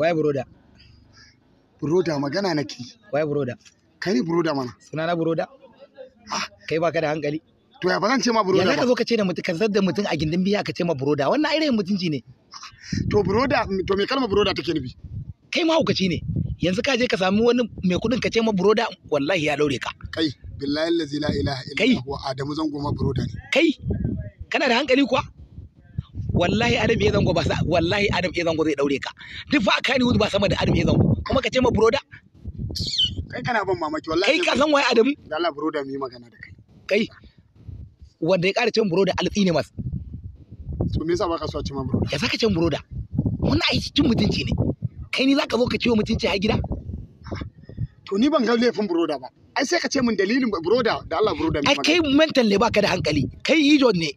Waye magana nake. Waye Kai ne mana. Suna na ah. Kai da hankali. To ya ba zan ce ma ba. Yanzu ka zo ka ce da mutum ka mutum a gindin biya ka ce ma wannan irin mutunci ne. To to me kalmar take nufi? Kai ma hukaci ne. Yanzu ka je ka sami wani mai kuɗin ka ce ma buroda wallahi ya daure ka. Kai billahi la ilaha illa Adamu zango ma ne. Kai kana da hankali kuwa? wallahi adam ya zango ba wallahi adam ya zango zai daure ka duk fa kani hudu ba sama da adam ya zango kuma ka ce ma broda kai kana ban mamaki wallahi kai ka san wai adam da Allah broda mu yi magana da kai kai wanda ya ƙara cin broda alfi ne mas to me yasa ba ka so cin broda ya saka cin broda wannan yi cin mutunci ne kai ni zaka zo ka ciwo mutunci a gida to ni ban ga laifin broda ba ai sai ka ce min dalilin broda da Allah broda mai ai kai mental ne baka da hankali kai ijo ne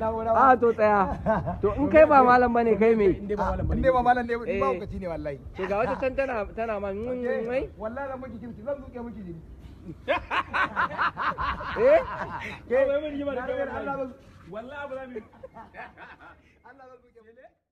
a ah, to tsaya to in kai ba malam bane kai me malam ah, bane ba malam ne ba eh. ne wallahi to ga wata can tana tana ma mai mm, mm, wallahi miki kimti eh ke ba Allah ba Allah ba